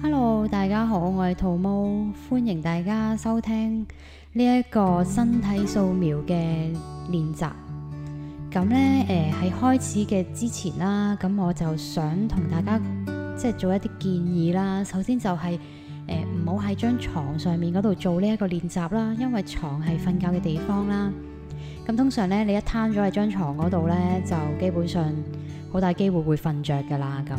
Hello，大家好，我係兔毛，歡迎大家收聽呢一個身體掃描嘅練習。咁咧，誒、呃、喺開始嘅之前啦，咁我就想同大家即係做一啲建議啦。首先就係誒唔好喺張床上面嗰度做呢一個練習啦，因為床係瞓覺嘅地方啦。咁通常咧，你一攤咗喺張床嗰度咧，就基本上好大機會會瞓着噶啦咁。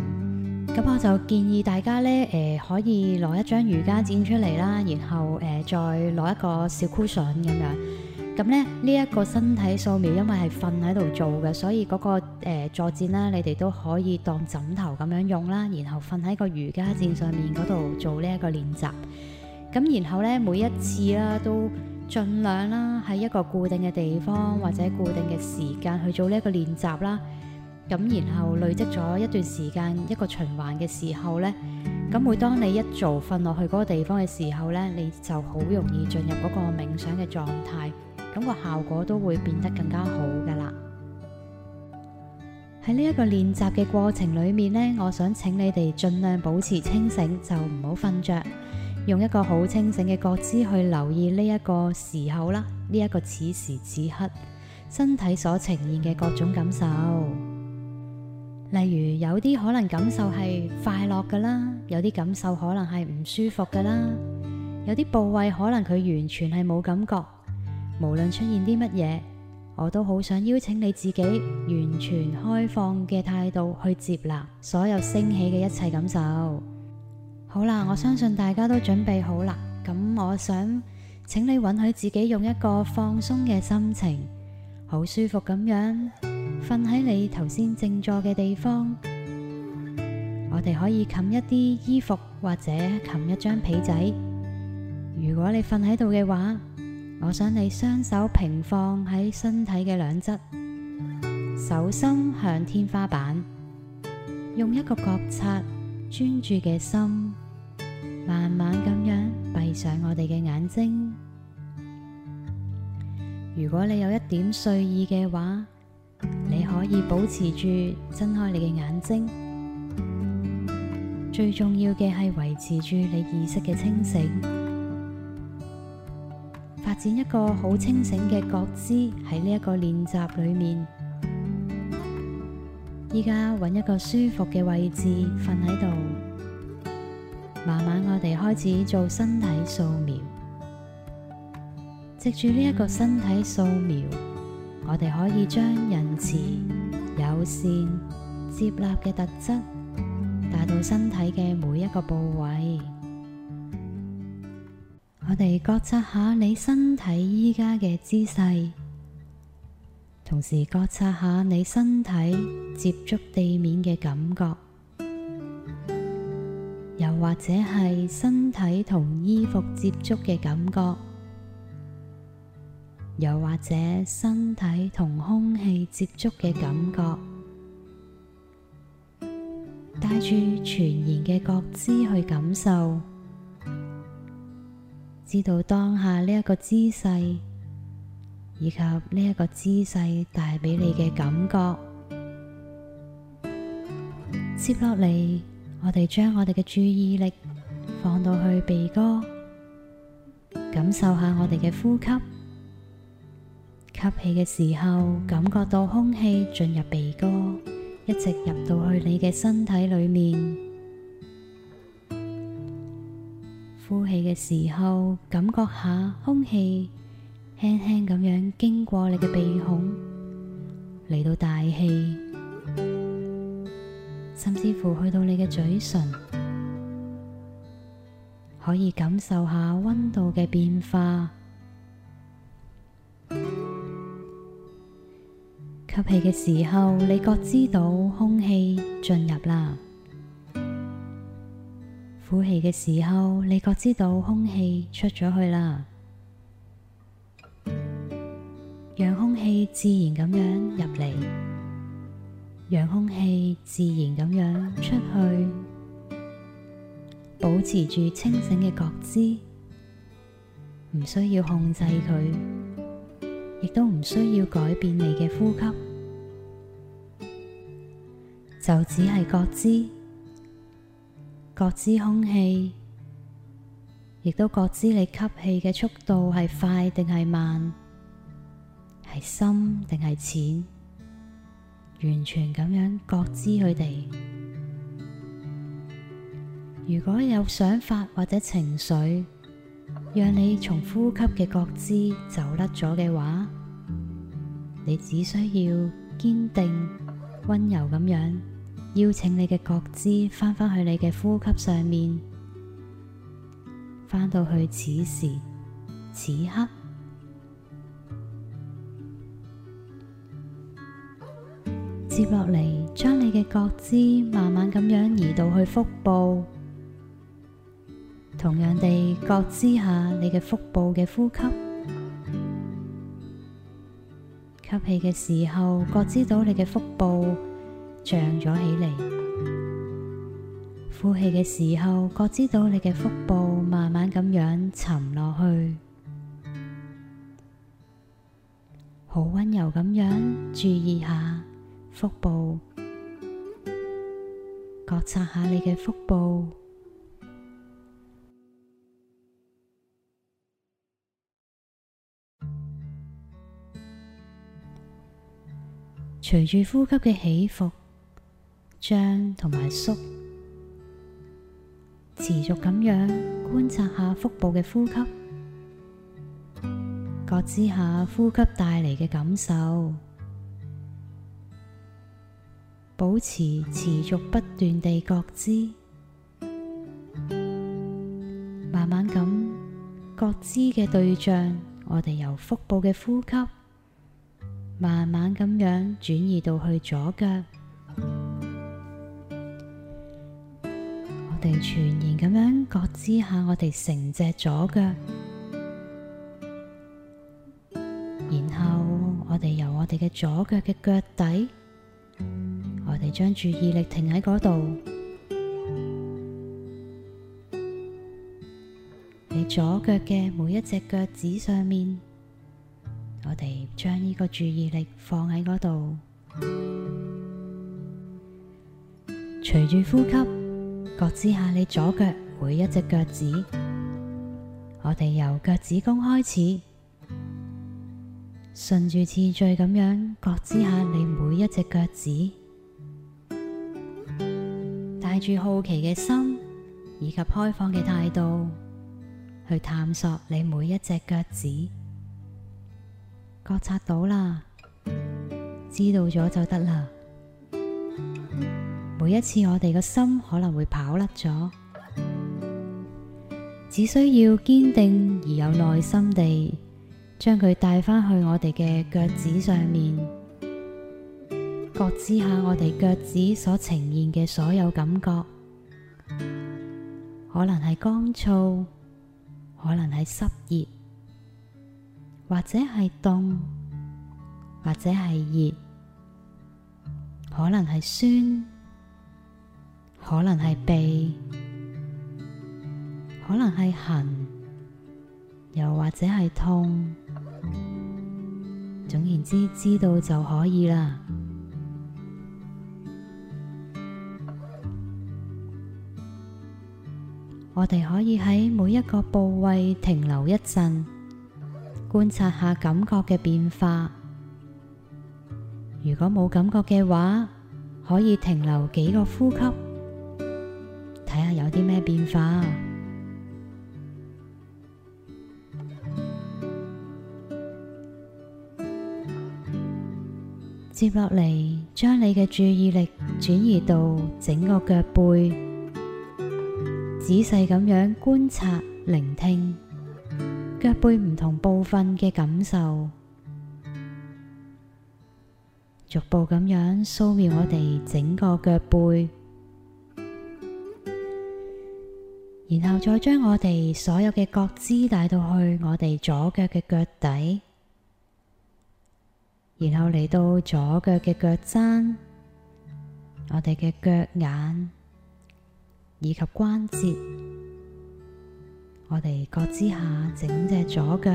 咁我就建議大家咧，誒、呃、可以攞一張瑜伽墊出嚟啦，然後誒、呃、再攞一個小 cushion 咁樣。咁咧呢一、這個身體掃描，因為係瞓喺度做嘅，所以嗰、那個誒坐墊啦，你哋都可以當枕頭咁樣用啦，然後瞓喺個瑜伽墊上面嗰度做呢一個練習。咁然後咧，每一次啦、啊、都儘量啦、啊、喺一個固定嘅地方或者固定嘅時間去做呢一個練習啦。咁，然後累積咗一段時間一個循環嘅時候呢，咁每當你一早瞓落去嗰個地方嘅時候呢，你就好容易進入嗰個冥想嘅狀態，咁個效果都會變得更加好噶啦。喺呢一個練習嘅過程裡面呢，我想請你哋盡量保持清醒，就唔好瞓着，用一個好清醒嘅覺知去留意呢一個時候啦，呢一個此時此刻身體所呈現嘅各種感受。例如有啲可能感受係快樂噶啦，有啲感受可能係唔舒服噶啦，有啲部位可能佢完全係冇感覺。無論出現啲乜嘢，我都好想邀請你自己完全開放嘅態度去接納所有升起嘅一切感受。好啦，我相信大家都準備好啦，咁我想請你允許自己用一個放鬆嘅心情，好舒服咁樣。瞓喺你頭先靜坐嘅地方，我哋可以冚一啲衣服或者冚一張被仔。如果你瞓喺度嘅話，我想你雙手平放喺身體嘅兩側，手心向天花板，用一個覺察專注嘅心，慢慢咁樣閉上我哋嘅眼睛。如果你有一點睡意嘅話，你可以保持住睜開你嘅眼睛，最重要嘅係維持住你意識嘅清醒，發展一個好清醒嘅覺知喺呢一個練習裏面。依家搵一個舒服嘅位置瞓喺度，慢慢我哋開始做身體掃描，藉住呢一個身體掃描。我哋可以將仁慈、友善接納嘅特質帶到身體嘅每一個部位。我哋覺察下你身體依家嘅姿勢，同時覺察下你身體接觸地面嘅感覺，又或者係身體同衣服接觸嘅感覺。又或者身體同空氣接觸嘅感覺，帶住全然嘅覺知去感受，知道當下呢一個姿勢以及呢一個姿勢帶畀你嘅感覺。接落嚟，我哋將我哋嘅注意力放到去鼻哥，感受下我哋嘅呼吸。吸氣嘅時候，感覺到空氣，吸氣嘅時候，你覺知到空氣進入啦；呼氣嘅時候，你覺知到空氣出咗去啦。讓空氣自然咁樣入嚟，讓空氣自然咁樣出去，保持住清醒嘅覺知，唔需要控制佢，亦都唔需要改變你嘅呼吸。就只係覺知，覺知空氣，亦都覺知你吸氣嘅速度係快定係慢，係深定係淺，完全咁樣覺知佢哋。如果有想法或者情緒，讓你從呼吸嘅覺知走甩咗嘅話，你只需要堅定、溫柔咁樣。邀請你嘅覺知返返去你嘅呼吸上面，返到去此時此刻。接落嚟，將你嘅覺知慢慢咁樣移到去腹部，同樣地覺知下你嘅腹部嘅呼吸。吸氣嘅時候，覺知到你嘅腹部。漲咗起嚟，呼氣嘅時候，覺知到你嘅腹部慢慢咁樣沉落去，好溫柔咁樣，注意下腹部，覺察下你嘅腹部，隨住呼吸嘅起伏。脹同埋縮，持續咁樣觀察下腹部嘅呼吸，覺知下呼吸帶嚟嘅感受，保持持續不斷地覺知，慢慢咁覺知嘅對象，我哋由腹部嘅呼吸，慢慢咁樣轉移到去左腳。我哋全然咁樣覺知下我哋成隻左腳，然後我哋由我哋嘅左腳嘅腳底，我哋將注意力停喺嗰度。喺左腳嘅每一隻腳趾上面，我哋將呢個注意力放喺嗰度，隨住呼吸。覺知下你左腳每一隻腳趾，我哋由腳趾公開始，順住次序咁樣覺知下你每一隻腳趾，帶住好奇嘅心以及開放嘅態度，去探索你每一隻腳趾，覺察到啦，知道咗就得啦。每一次我哋嘅心可能會跑甩咗，只需要堅定而有耐心地將佢帶返去我哋嘅腳趾上面，覺知下我哋腳趾所呈現嘅所有感覺，可能係乾燥，可能係濕熱，或者係凍，或者係熱，可能係酸。可能係痹，可能係痕，又或者係痛。總言之，知道就可以啦。我哋可以喺每一個部位停留一陣，觀察下感覺嘅變化。如果冇感覺嘅話，可以停留幾個呼吸。睇下有啲咩變化。接落嚟，將你嘅注意力轉移到整個腳背，仔細咁樣觀察、聆聽腳背唔同部分嘅感受，逐步咁樣掃描我哋整個腳背。然後再將我哋所有嘅覺知帶到去我哋左腳嘅腳底，然後嚟到左腳嘅腳踭，我哋嘅腳眼以及關節，我哋覺知下整隻左腳，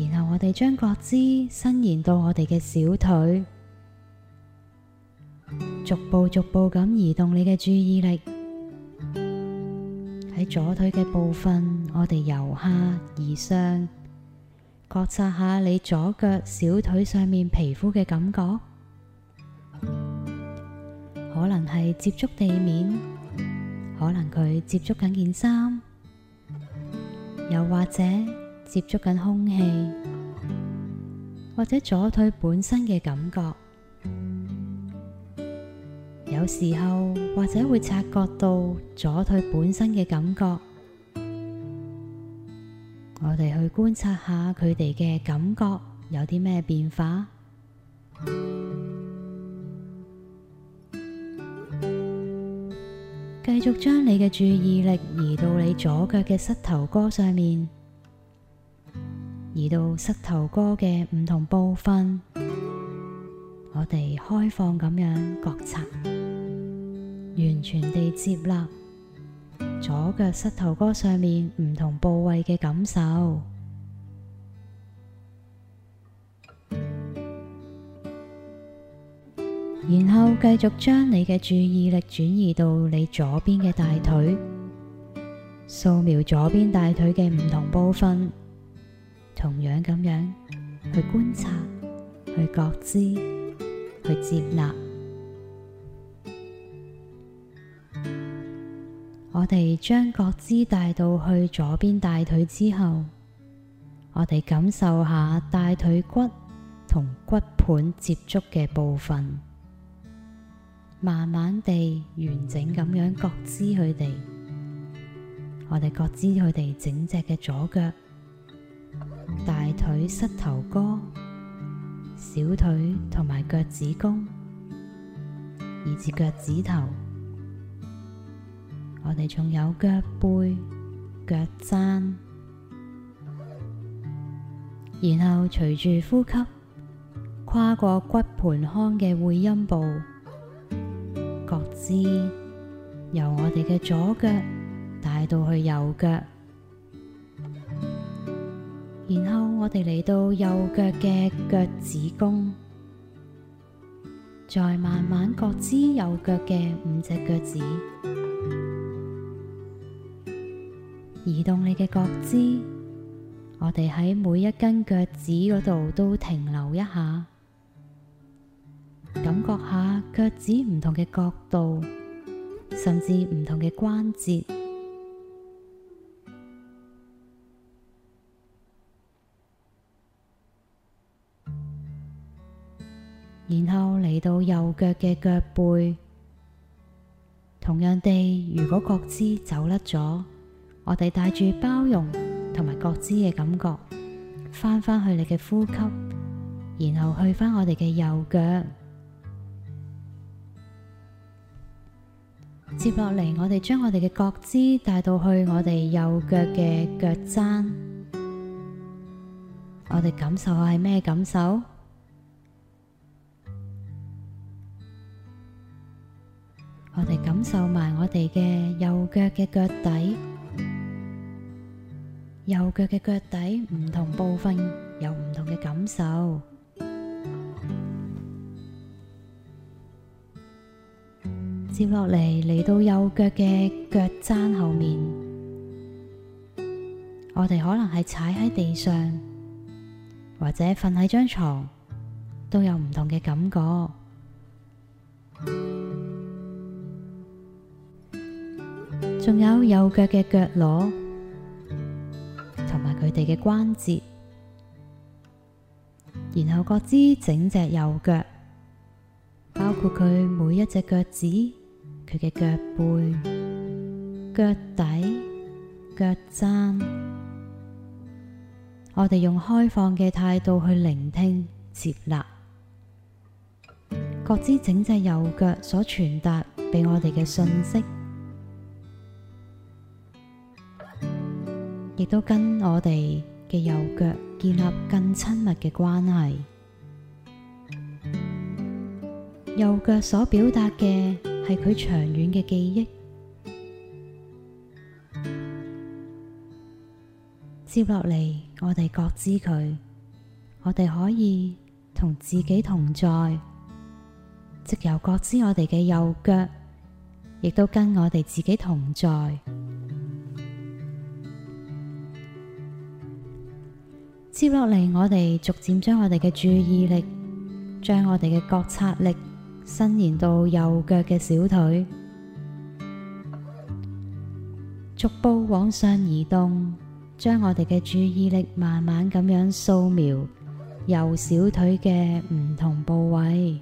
然後我哋將覺知伸延到我哋嘅小腿。逐步逐步咁移動你嘅注意力喺左腿嘅部分，我哋由下而上覺察下你左腳小腿上面皮膚嘅感覺，可能係接觸地面，可能佢接觸緊件衫，又或者接觸緊空氣，或者左腿本身嘅感覺。有時候或者會察覺到左腿本身嘅感覺，我哋去觀察下佢哋嘅感覺有啲咩變化。繼續將你嘅注意力移到你左腳嘅膝頭哥上面，移到膝頭哥嘅唔同部分，我哋開放咁樣覺察。完全地接納左腳膝頭哥上面唔同部位嘅感受，然後繼續將你嘅注意力轉移到你左邊嘅大腿，掃描左邊大腿嘅唔同部分，同樣咁樣去觀察、去覺知、去接納。我哋將覺知帶到去左邊大腿之後，我哋感受下大腿骨同骨盆接觸嘅部分，慢慢地完整咁樣覺知佢哋，我哋覺知佢哋整隻嘅左腳大腿、膝頭哥、小腿同埋腳趾公，以至腳趾頭。我哋仲有腳背、腳踭，然後隨住呼吸，跨過骨盆腔嘅會陰部，覺知由我哋嘅左腳帶到去右腳，然後我哋嚟到右腳嘅腳趾公，再慢慢覺知右腳嘅五隻腳趾。移動你嘅腳趾，我哋喺每一根腳趾嗰度都停留一下，感覺下腳趾唔同嘅角度，甚至唔同嘅關節，然後嚟到右腳嘅腳背，同樣地，如果腳趾走甩咗。我哋帶住包容同埋覺知嘅感覺，翻返去你嘅呼吸，然後去返我哋嘅右腳。接落嚟，我哋將我哋嘅覺知帶到去我哋右腳嘅腳踭。我哋感受下係咩感受？我哋感受埋我哋嘅右腳嘅腳底。右腳嘅腳底唔同部分有唔同嘅感受。接落嚟，嚟到右腳嘅腳踭後面，我哋可能係踩喺地上，或者瞓喺張床，都有唔同嘅感覺。仲有右腳嘅腳踝。佢哋嘅關節，然後覺知整隻右腳，包括佢每一隻腳趾、佢嘅腳背、腳底、腳踭，我哋用開放嘅態度去聆聽接納，覺知整隻右腳所傳達俾我哋嘅信息。亦都跟我哋嘅右腳建立更親密嘅關係，右腳所表達嘅係佢長遠嘅記憶。接落嚟，我哋覺知佢，我哋可以同自己同在，藉由覺知我哋嘅右腳，亦都跟我哋自己同在。接落嚟，我哋逐漸將我哋嘅注意力，將我哋嘅覺察力，伸延到右腳嘅小腿，逐步往上移動，將我哋嘅注意力慢慢咁樣掃描右小腿嘅唔同部位，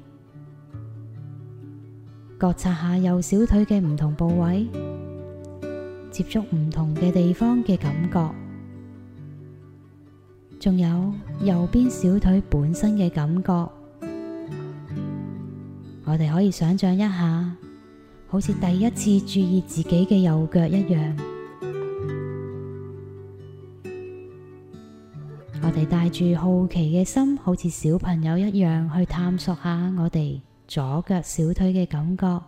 覺察下右小腿嘅唔同部位，接觸唔同嘅地方嘅感覺。仲有右邊小腿本身嘅感覺，我哋可以想象一下，好似第一次注意自己嘅右腳一樣。我哋帶住好奇嘅心，好似小朋友一樣去探索下我哋左腳小腿嘅感覺，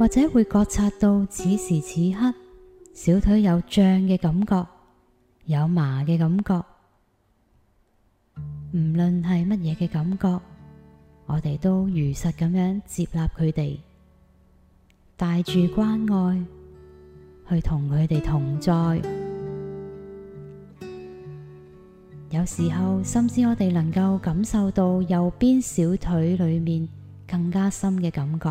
或者會覺察到此時此刻。小腿有脹嘅感覺，有麻嘅感覺，無論係乜嘢嘅感覺，我哋都如實噉樣接納佢哋，帶住關愛去同佢哋同在。有時候，甚至我哋能夠感受到右邊小腿裏面更加深嘅感覺。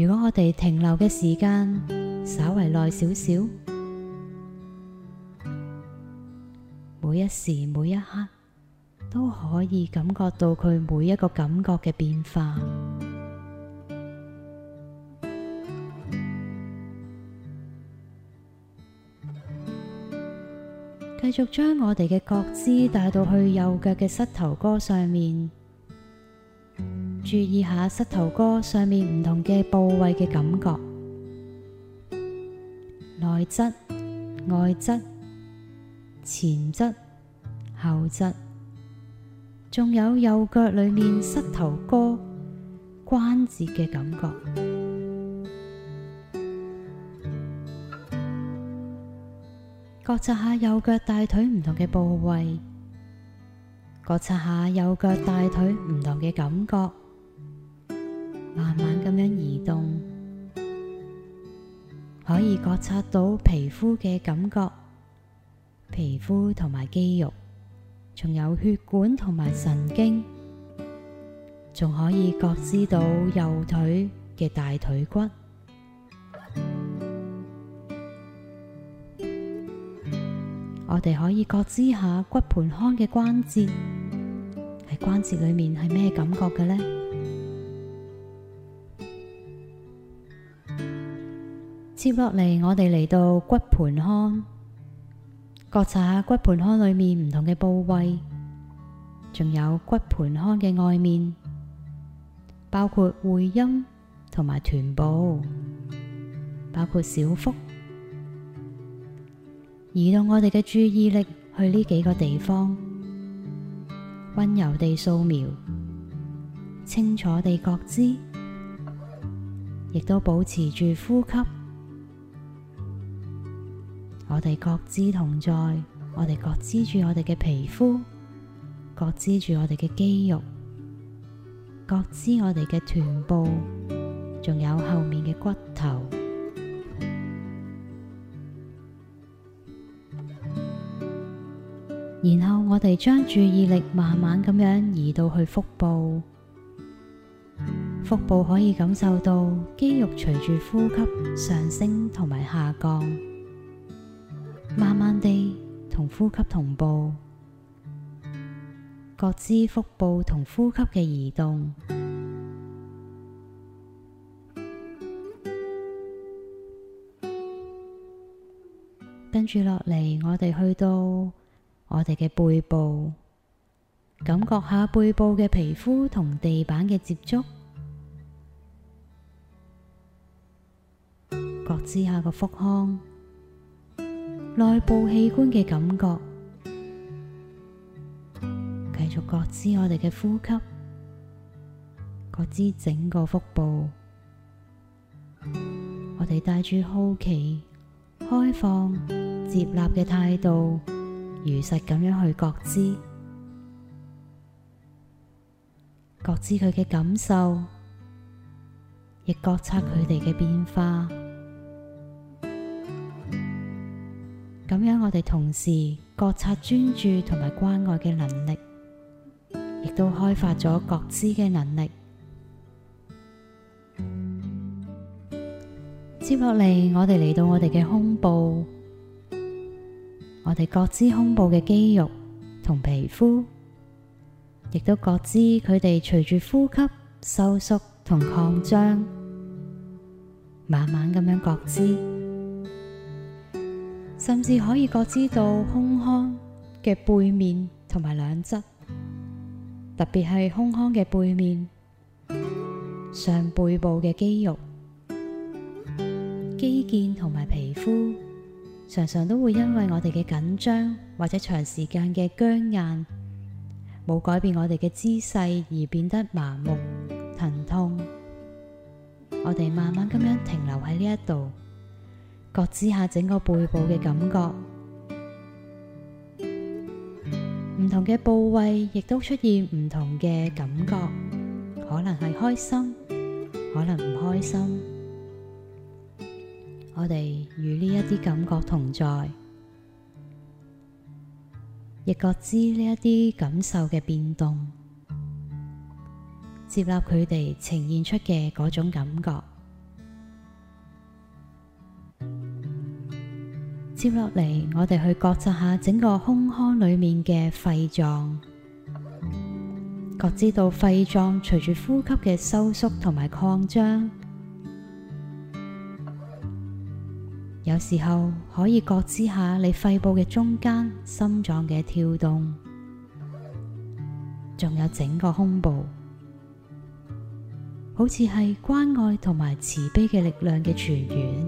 如果我哋停留嘅時間稍為耐少少，每一時每一刻都可以感覺到佢每一個感覺嘅變化。繼續將我哋嘅覺知帶到去右腳嘅膝頭哥上面。注意下膝頭哥上面唔同嘅部位嘅感覺，內側、外側、前側、後側，仲有右腳裏面膝頭哥關節嘅感覺。覺察下右腳大腿唔同嘅部位，覺察下右腳大腿唔同嘅感覺。慢慢咁樣移動，可以覺察到皮膚嘅感覺，皮膚同埋肌肉，仲有血管同埋神經，仲可以覺知到右腿嘅大腿骨。我哋可以覺知下骨盆腔嘅關節，喺關節裏面係咩感覺嘅呢？接落嚟，我哋嚟到骨盆腔，覺察下骨盆腔裏面唔同嘅部位，仲有骨盆腔嘅外面，包括會陰同埋臀部，包括小腹，移動我哋嘅注意力去呢幾個地方，溫柔地掃描，清楚地覺知，亦都保持住呼吸。我哋覺知同在，我哋覺知住我哋嘅皮膚，覺知住我哋嘅肌肉，覺知我哋嘅臀部，仲有後面嘅骨頭。然後我哋將注意力慢慢咁樣移到去腹部，腹部可以感受到肌肉隨住呼吸上升同埋下降。慢慢地同呼吸同步，覺知腹部同呼吸嘅移動。跟住落嚟，我哋去到我哋嘅背部，感覺下背部嘅皮膚同地板嘅接觸，覺知下個腹腔。內部器官嘅感覺，繼續覺知我哋嘅呼吸，覺知整個腹部，我哋帶住好奇、開放、接納嘅態度，如實咁樣去覺知，覺知佢嘅感受，亦覺察佢哋嘅變化。咁樣，我哋同時覺察專注同埋關愛嘅能力，亦都開發咗覺知嘅能力。接落嚟，我哋嚟到我哋嘅胸部，我哋覺知胸部嘅肌肉同皮膚，亦都覺知佢哋隨住呼吸收縮同擴張，慢慢咁樣覺知。甚至可以覺知到胸腔嘅背面同埋兩側，特別係胸腔嘅背面、上背部嘅肌肉、肌腱同埋皮膚，常常都會因為我哋嘅緊張或者長時間嘅僵硬，冇改變我哋嘅姿勢而變得麻木疼痛。我哋慢慢咁樣停留喺呢一度。覺知下整個背部嘅感覺。接落嚟，我哋去覺察下整個胸腔裏面嘅肺臟，覺知到肺臟隨住呼吸嘅收縮同埋擴張，有時候可以覺知下你肺部嘅中間、心臟嘅跳動，仲有整個胸部，好似係關愛同埋慈悲嘅力量嘅泉源。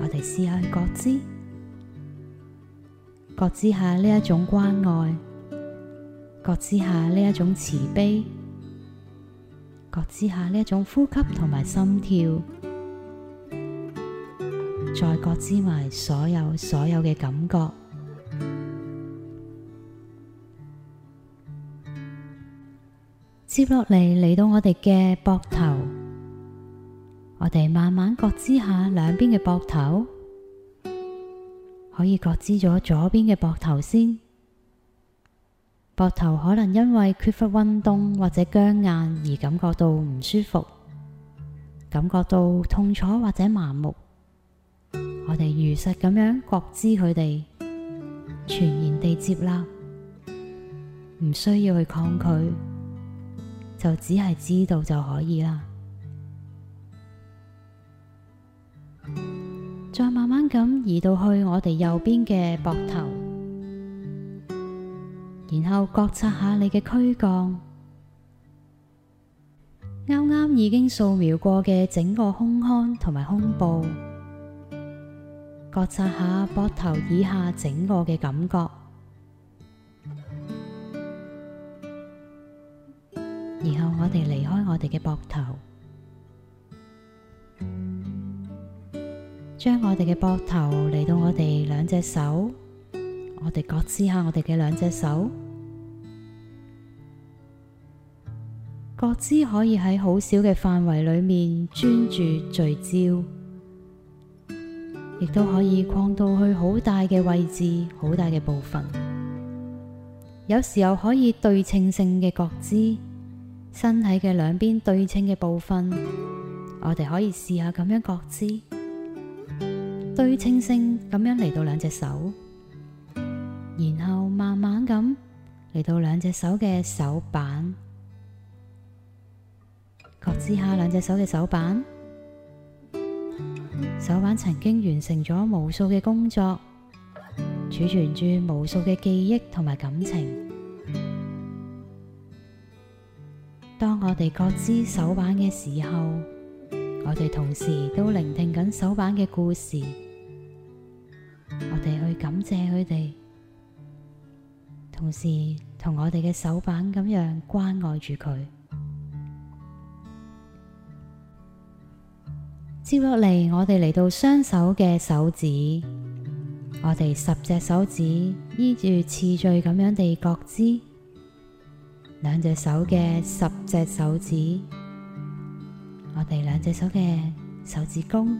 我哋試下去覺知，覺知下呢一種關愛，覺知下呢一種慈悲，覺知下呢一種呼吸同埋心跳，再覺知埋所有所有嘅感覺。接落嚟嚟到我哋嘅膊頭。我哋慢慢覺知下兩邊嘅膊頭，可以覺知咗左邊嘅膊頭先。膊頭可能因為缺乏運動或者僵硬而感覺到唔舒服，感覺到痛楚或者麻木。我哋如實咁樣覺知佢哋，全然地接納，唔需要去抗拒，就只係知道就可以啦。再慢慢咁移到去我哋右邊嘅膊頭，然後覺察下你嘅軀幹，啱啱已經掃描過嘅整個胸腔同埋胸部，覺察下膊頭以下整個嘅感覺，然後我哋離開我哋嘅膊頭。將我哋嘅膊頭嚟到我哋兩隻手，我哋覺知下我哋嘅兩隻手。覺知可以喺好小嘅範圍裏面專注聚焦，亦都可以擴到去好大嘅位置，好大嘅部分。有時候可以對稱性嘅覺知，身體嘅兩邊對稱嘅部分，我哋可以試下咁樣覺知。對清性咁樣嚟到兩隻手，然後慢慢咁嚟到兩隻手嘅手板，覺知下兩隻手嘅手板。手板曾經完成咗無數嘅工作，儲存住無數嘅記憶同埋感情。當我哋覺知手板嘅時候，我哋同時都聆聽緊手板嘅故事。我哋去感謝佢哋，同時同我哋嘅手板咁樣關愛住佢。接落嚟，我哋嚟到雙手嘅手指，我哋十隻手指依住次序咁樣地各支，兩隻手嘅十隻手指，我哋兩隻手嘅手指公、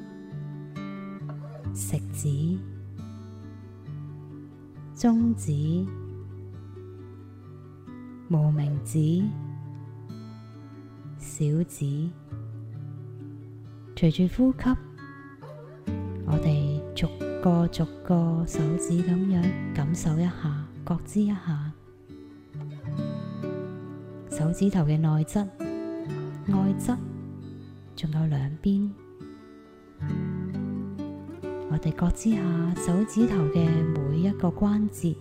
食指、中指、無名指、小指，隨住呼吸，我哋逐個逐個手指咁樣感受一下，覺知一下手指頭嘅內側、外側，仲有兩邊。我哋覺知下手指頭嘅每一個關節，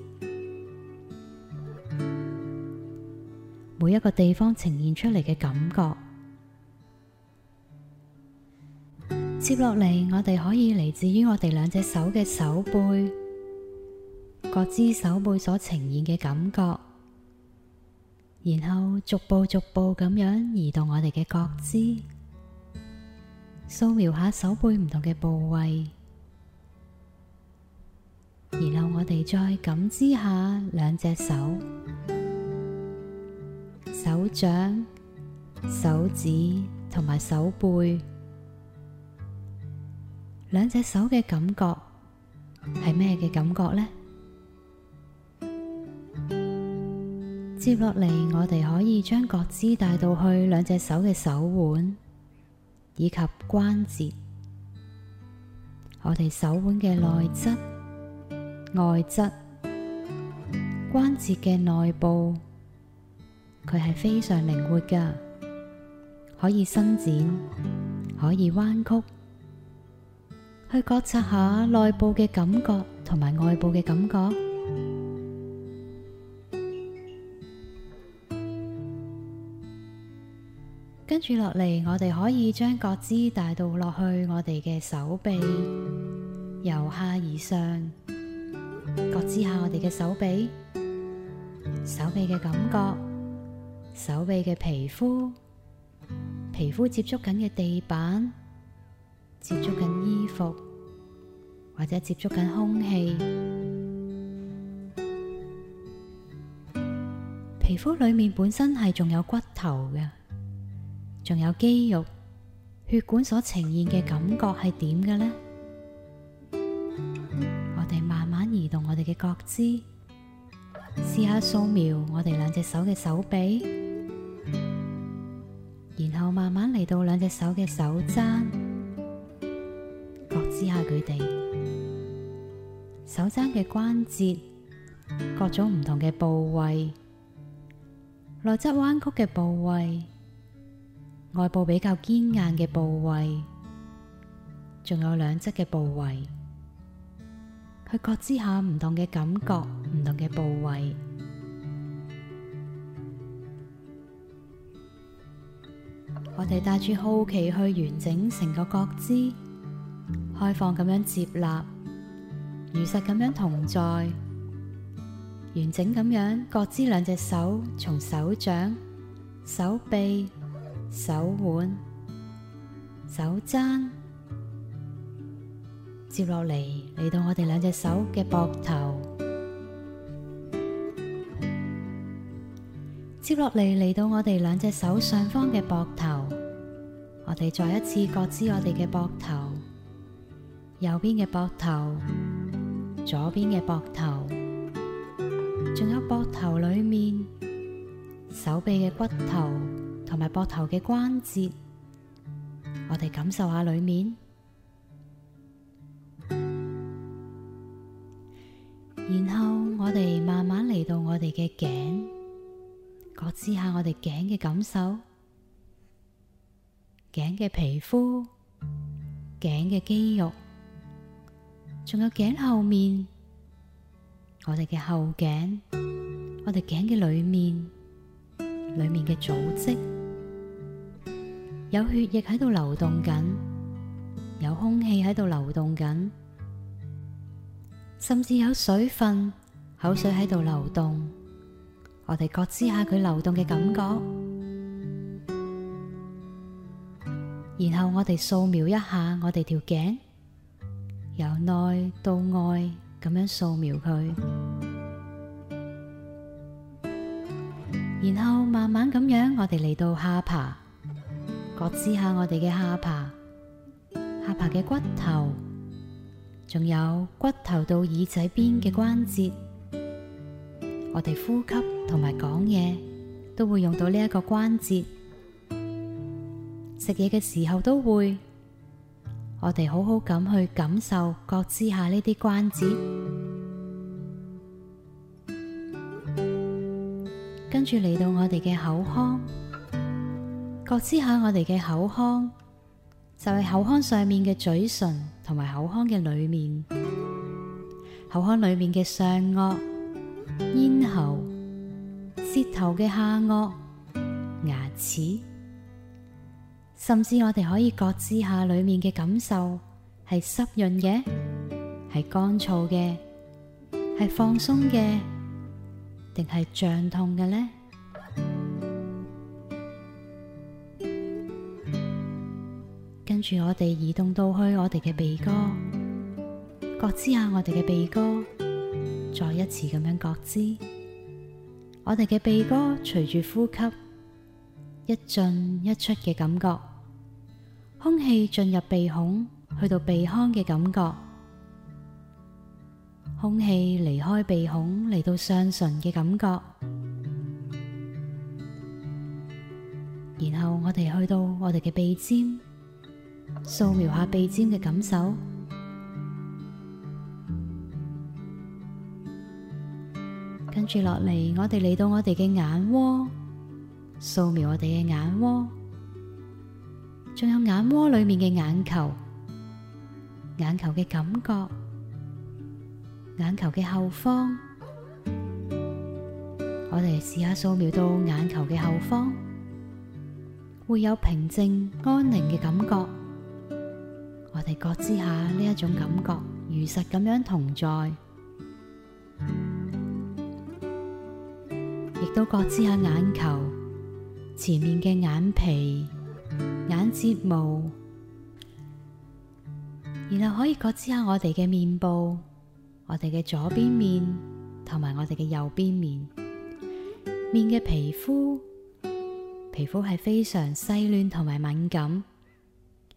每一個地方呈現出嚟嘅感覺。接落嚟，我哋可以嚟自於我哋兩隻手嘅手背，覺知手背所呈現嘅感覺，然後逐步逐步咁樣移動我哋嘅覺知，掃描下手背唔同嘅部位。然後我哋再感知下兩隻手、手掌、手指同埋手背，兩隻手嘅感覺係咩嘅感覺呢？接落嚟，我哋可以將覺知帶到去兩隻手嘅手腕以及關節，我哋手腕嘅內側。外側關節嘅內部，佢係非常靈活噶，可以伸展，可以彎曲。去覺察下內部嘅感覺同埋外部嘅感覺。跟住落嚟，我哋可以將覺知帶到落去，我哋嘅手臂由下而上。覺知下我哋嘅手臂，手臂嘅感覺，手臂嘅皮膚，皮膚接觸緊嘅地板，接觸緊衣服，或者接觸緊空氣。皮膚裏面本身係仲有骨頭嘅，仲有肌肉、血管所呈現嘅感覺係點嘅呢？我哋嘅覺知，試下掃描我哋兩隻手嘅手臂，然後慢慢嚟到兩隻手嘅手踭，覺知下佢哋手踭嘅關節，各種唔同嘅部位，內側彎曲嘅部位，外部比較堅硬嘅部位，仲有兩側嘅部位。去覺知下唔同嘅感覺，唔同嘅部位。我哋帶住好奇去完整成個覺知，開放咁樣接納，如實咁樣同在，完整咁樣覺知兩隻手，從手掌、手臂、手腕、手踭。接落嚟嚟到我哋兩隻手嘅膊頭，接落嚟嚟到我哋兩隻手上方嘅膊頭，我哋再一次覺知我哋嘅膊頭，右邊嘅膊頭，左邊嘅膊頭，仲有膊頭裏面手臂嘅骨頭同埋膊頭嘅關節，我哋感受下裏面。然後我哋慢慢嚟到我哋嘅頸，感知下我哋頸嘅感受，頸嘅皮膚，頸嘅肌肉，仲有頸後面，我哋嘅後頸，我哋頸嘅裏面，裏面嘅組織，有血液喺度流動緊，有空氣喺度流動緊。甚至有水分、口水喺度流動，我哋覺知下佢流動嘅感覺，然後我哋掃描一下我哋條頸，由內到外咁樣掃描佢，然後慢慢咁樣我哋嚟到下巴，覺知下我哋嘅下巴、下巴嘅骨頭。仲有骨頭到耳仔邊嘅關節，我哋呼吸同埋講嘢都會用到呢一個關節，食嘢嘅時候都會。我哋好好咁去感受覺知下呢啲關節，跟住嚟到我哋嘅口腔，覺知下我哋嘅口腔。就係口腔上面嘅嘴唇，同埋口腔嘅裏面，口腔裏面嘅上顎、咽喉、舌頭嘅下顎、牙齒，甚至我哋可以覺知下裏面嘅感受係濕潤嘅，係乾燥嘅，係放鬆嘅，定係脹痛嘅咧？跟住我哋移動到去我哋嘅鼻哥，覺知下我哋嘅鼻哥，再一次咁樣覺知，我哋嘅鼻哥隨住呼吸一進一出嘅感覺，空氣進入鼻孔去到鼻腔嘅感覺，空氣離開鼻孔嚟到上唇嘅感覺，然後我哋去到我哋嘅鼻尖。掃描下鼻尖嘅感受，跟住落嚟，我哋嚟到我哋嘅眼窩，掃描我哋嘅眼窩，仲有眼窩裏面嘅眼球，眼球嘅感覺，眼球嘅後方，我哋試下掃描到眼球嘅後方，會有平靜、安寧嘅感覺。我哋覺知下呢一種感覺，如實咁樣同在，亦都覺知下眼球前面嘅眼皮、眼睫毛，然後可以覺知下我哋嘅面部，我哋嘅左邊面同埋我哋嘅右邊面，面嘅皮膚，皮膚係非常細嫩同埋敏感。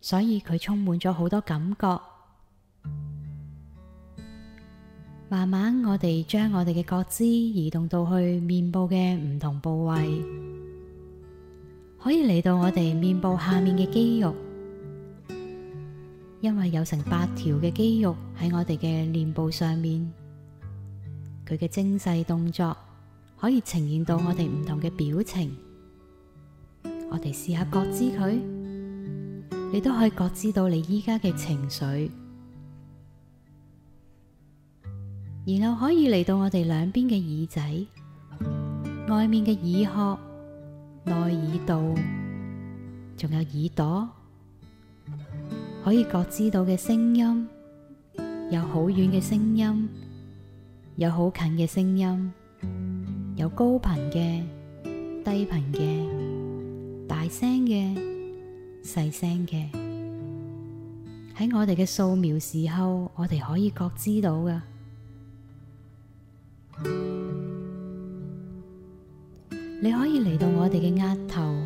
所以佢充滿咗好多感覺。慢慢我哋將我哋嘅覺知移動到去面部嘅唔同部位，可以嚟到我哋面部下面嘅肌肉，因為有成八條嘅肌肉喺我哋嘅面部上面，佢嘅精細動作可以呈現到我哋唔同嘅表情。我哋試下覺知佢。你都可以覺知到你依家嘅情緒，然後可以嚟到我哋兩邊嘅耳仔，外面嘅耳殼、內耳道，仲有耳朵，可以覺知到嘅聲音，有好遠嘅聲音，有好近嘅聲音，有高頻嘅、低頻嘅、大聲嘅。細聲嘅，喺我哋嘅掃描時候，我哋可以覺知到噶。你可以嚟到我哋嘅額頭、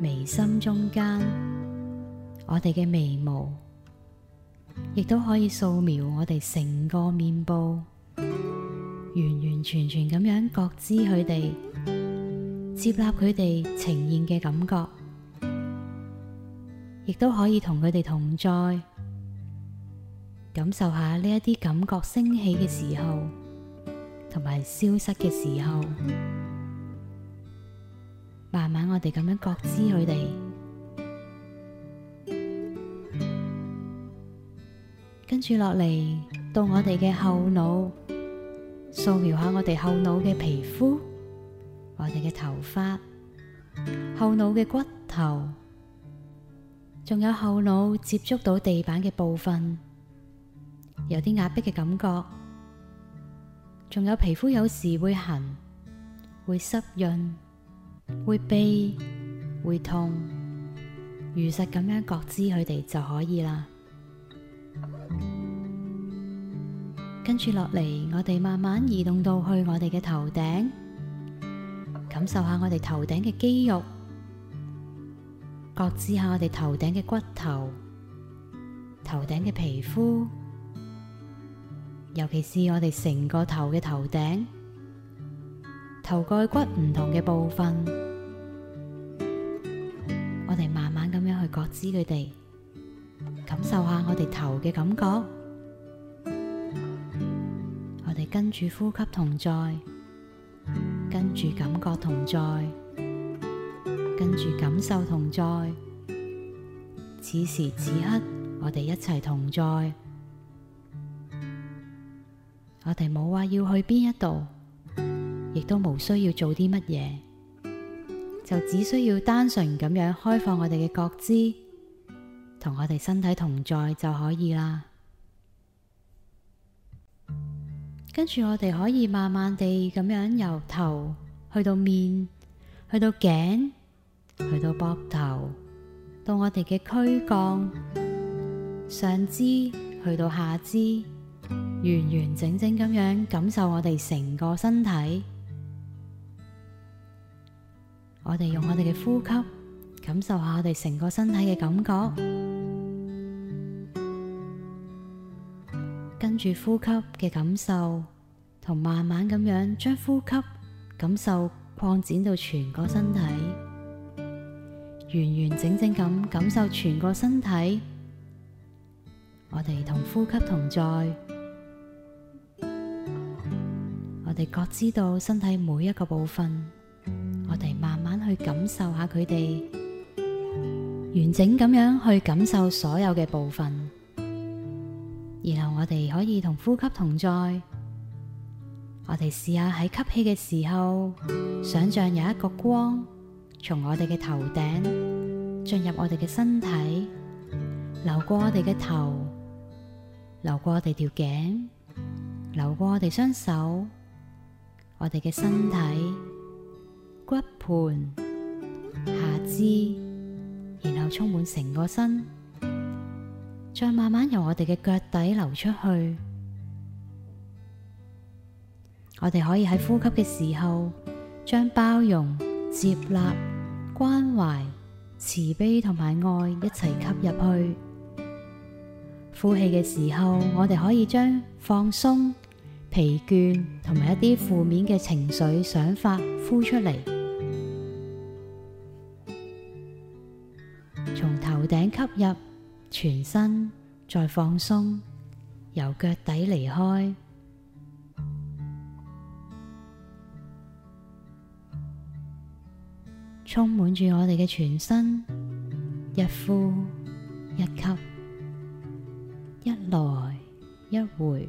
眉心中間，我哋嘅眉毛，亦都可以掃描我哋成個面部，完完全全咁樣覺知佢哋，接納佢哋呈現嘅感覺。亦都可以同佢哋同在，感受下呢一啲感覺升起嘅時候，同埋消失嘅時候。慢慢我哋咁樣覺知佢哋，跟住落嚟到我哋嘅後腦，掃描下我哋後腦嘅皮膚，我哋嘅頭髮，後腦嘅骨頭。仲有後腦接觸到地板嘅部分，有啲壓迫嘅感覺，仲有皮膚有時會痕、會濕潤、會痹、會痛，如實咁樣覺知佢哋就可以啦。跟住落嚟，我哋慢慢移動到去我哋嘅頭頂，感受下我哋頭頂嘅肌肉。覺知下我哋頭頂嘅骨頭、頭頂嘅皮膚，尤其是我哋成個頭嘅頭頂、頭蓋骨唔同嘅部分，我哋慢慢咁樣去覺知佢哋，感受下我哋頭嘅感覺，我哋跟住呼吸同在，跟住感覺同在。跟住感受同在，此時此刻，我哋一齊同在。我哋冇話要去邊一度，亦都冇需要做啲乜嘢，就只需要單純咁樣開放我哋嘅覺知，同我哋身體同在就可以啦。跟住我哋可以慢慢地咁樣由頭去到面，去到頸。去到膊頭，到我哋嘅軀幹、上肢，去到下肢，完完整整咁樣感受我哋成個身體。我哋用我哋嘅呼吸感受下我哋成個身體嘅感覺，嗯、跟住呼吸嘅感受，同慢慢咁樣將呼吸感受擴展到全個身體。完完整整咁感受全個身體，我哋同呼吸同在，我哋覺知到身體每一個部分，我哋慢慢去感受下佢哋，完整咁樣去感受所有嘅部分，然後我哋可以同呼吸同在，我哋試下喺吸氣嘅時候，想像有一個光。從我哋嘅頭頂進入我哋嘅身體，流過我哋嘅頭，流過我哋條頸，流過我哋雙手，我哋嘅身體、骨盆、下肢，然後充滿成個身，再慢慢由我哋嘅腳底流出去。我哋可以喺呼吸嘅時候，將包容接納。關懷、慈悲同埋愛一齊吸入去，呼氣嘅時候，我哋可以將放鬆、疲倦同埋一啲負面嘅情緒想法呼出嚟。從頭頂吸入，全身再放鬆，由腳底離開。充滿住我哋嘅全身，一呼一吸，一來一回，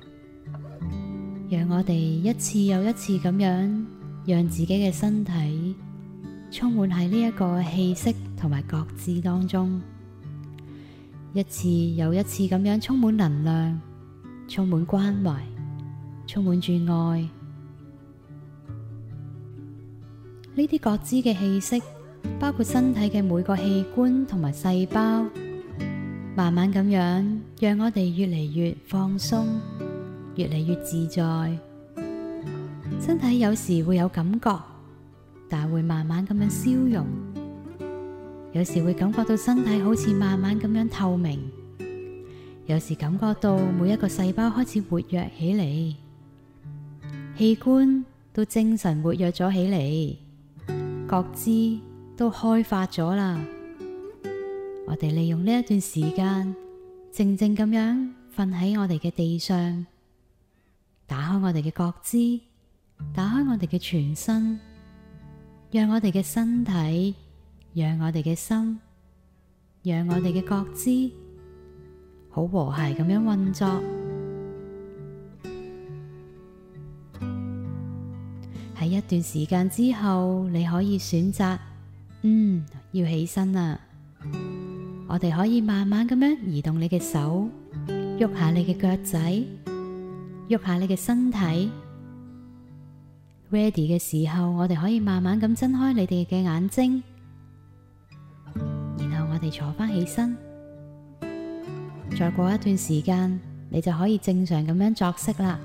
讓我哋一次又一次咁樣，讓自己嘅身體充滿喺呢一個氣息同埋覺知當中，一次又一次咁樣充滿能量，充滿關懷，充滿住愛，呢啲覺知嘅氣息。包括身體嘅每個器官同埋細胞，慢慢咁樣讓我哋越嚟越放鬆，越嚟越自在。身體有時會有感覺，但係會慢慢咁樣消融。有時會感覺到身體好似慢慢咁樣透明，有時感覺到每一個細胞開始活躍起嚟，器官都精神活躍咗起嚟，覺知，都開發咗啦，我哋利用呢一段時間，靜靜咁樣瞓喺我哋嘅地上，打開我哋嘅覺知，打開我哋嘅全身，讓我哋嘅身體，讓我哋嘅心，讓我哋嘅覺知，好和諧咁樣運作。喺一段時間之後，你可以選擇。嗯，要起身啦！我哋可以慢慢咁樣移動你嘅手，喐下你嘅腳仔，喐下你嘅身體。Ready 嘅時候，我哋可以慢慢咁睜開你哋嘅眼睛，然後我哋坐翻起身。再過一段時間，你就可以正常咁樣作息啦。